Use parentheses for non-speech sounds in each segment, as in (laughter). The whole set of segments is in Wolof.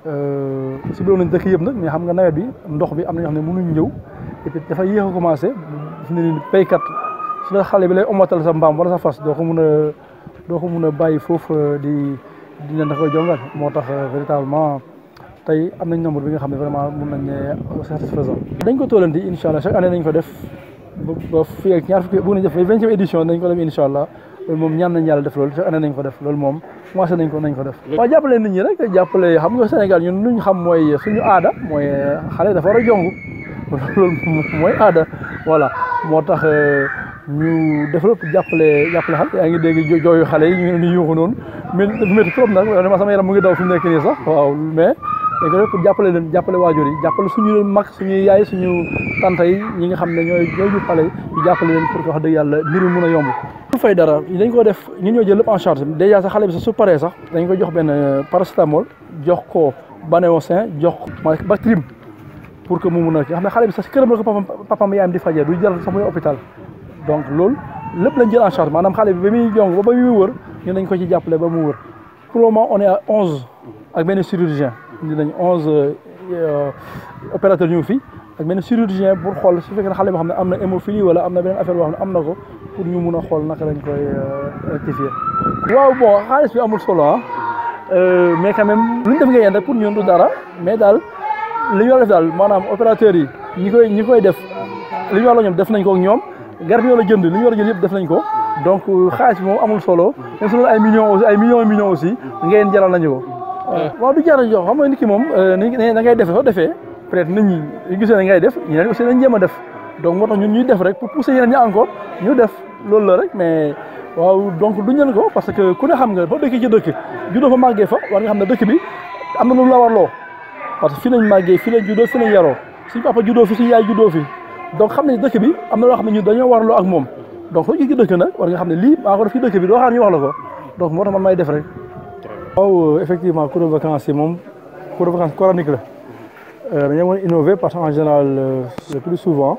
si biir nañ dëkk yëpp nag mais xam nga nawet bi ndox bi am na ñoo xam ne mënuñ ñëw et puis dafa yéex a commencé fi ne nii béykat su la xale bi lay omatal sa mbaam wala sa fas doo ko mun a doo ko mun bàyyi foofu euh, di di leen dafa jongal moo tax euh, véritablement tey am nañ nombre bi nga xam ne vraiment mun nañ ne euh, satisfaisant. dañ ko tollanti incha allah chaque année dañ ko def ba ba fii ak ñaar fukki bu ñu def ba vingtième édition dañ ko def incha allah. loolu moom ñaan nañ yàlla def loolu te ana nañ ko def loolu moom commencé nañ ko nañ ko def waaw jàppale nit ñi rek jàppale xam nga Sénégal ñun luñ xam mooy suñu aada mooy euh, xale dafa war a jong (laughs) loolu mooy aada voilà moo tax euh, ñu développe jàppale jàppale xale yaa ngi dégg jooyu xale yi ñu ñu yuuxu noonu mais dafa métti trop nag vraiment ngi daw fi nekk nii sax waaw mais dañ ko def jàppale leen jàppale waajur yi jàppale suñu mag suñuy yaay suñu tante yi ñi nga xam ne ñooy ñooy ñu xale yi ñu jàppale leen pour que wax dëgg yàlla mbir mi mun a yomb fay dara dañ ko def ñun ñoo jël lépp en charge dèjà sax xale bi sax su paree sax dañ ko jox benn euh, paracetamol jox ko banéocin jox ko Bactrim pour que mu mun a kii xam ne xale bi sax si këram la ko papam papam yaayam di fajee du jël sax muy hôpital donc loolu lépp lañ jël en charge maanaam xale bi ba muy jong ba muy wër ñu dañ ko ci jàppale ba mu wër pour le moment on est à 11 ak benn chirurgien indi nañ onze euh, euh, opérateur ñu fi ak benn chirurgien pour xool su fekkee ne xale boo xam ne am na hémophilie wala am na beneen affaire boo xam ne am na ko pour ñu mun a xool naka lañ koy euh, rectifier. waaw bon xaalis bi amul solo ah euh, mais quand lu ñu def nga yéen rek pour ñun du dara mais daal li ñu war a def daal maanaam opérateurs yi ñi koy ñi koy def li ñu war a ñoom def nañ ko ñoom garab yoo la jënd li ñu war a jël yëpp def nañ ko donc euh, xaalis bi moom amul solo même su ay millions aussi ay millions millions aussi ngeen jaral nañu ko. waaw du jaral jox xam nga nit ki moom na ngay defee soo defee peut-être nit ñi gisee na ngay def ñeneen aussi nañ jéem def. donc moo ñun ñuy def rek pour pousser yeneen ñi encore ñu def loolu la rek mais waaw donc duñ leen ko parce que ku ne xam nga ba dëkk ci dëkk juddoo fa màggee fa war nga xam ne dëkk bi am na lu la warloo parce que fii lañ màggee fii lañ juddoo fi lañ yaroo suñ papa juddoo fi suñ yaay juddoo fi donc xam ne dëkk bi am na loo xam ne ñu dañoo warloo ak moom donc soo jigi dëkk nag war nga xam ne lii maa fi dëkk bi doo xaar ñu wax la ko donc moo tax man may def rek waaw effectivement cour de vacances yi moom cours de vacances coranique la euh, dañoo mën a innover parce que en général euh, le plus souvent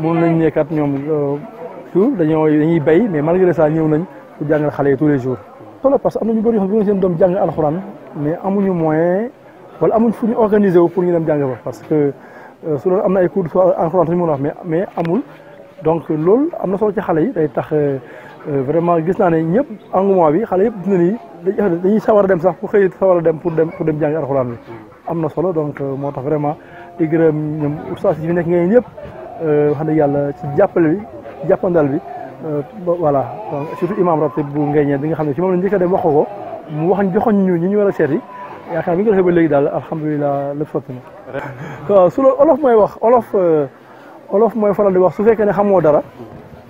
mun nañ ne kat ñoom toujours euh, dañoo dañuy bay mais malgré ça ñëw nañ pour xale yi tous les jours. solo parce que am na ñu bëri yoo xam ne jàng alxuraan mais amuñu moyen wala amuñ fu ñu organiser wu pour ñu dem jàng fa parce que euh, su doon am na ay cours de alxuraan ñu mën a wax mais mais amul. donc loolu am na solo ci xale yi day tax euh, vraiment gis naa ne ñëpp engouement bi xale yëpp dina ni dañuy sawar dem sax pour xëy sawar a dem pour dem pour dem jàngi alxuraan am na solo donc moo tax vraiment di gërëm ñoom ustaas yi fi nekk ngeen ñëpp wax euh, dëgg yàlla ci jàppale bi jàppandal bi euh, voilà surtout imam ratib bu Nguéniène bi nga xam ne ci moom la njëkk dem wax ko mu wax joxoon ñu ñi ñu war a seeti yaakaar bi nga defee ba léegi daal alhamdulilah lépp sotti na. waaw su loolu olof mooy wax olof euh, olof mooy faral di wax su fekkee ne xamoo dara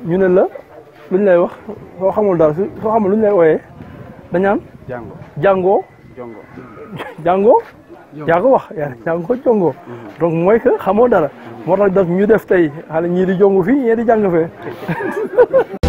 ñu ne la lu ñu lay wax soo xamul dara soo xamul lu ñu lay ooyee dañaan jàngoo jàngoo jàngoo yaa ko wax yaa ngi ko jongoo mm-hmm. donc mooy que xamoo dara mm-hmm. moo tax daf ñu def tey xale ñii di jongu fii ñii di jàng fee (laughs)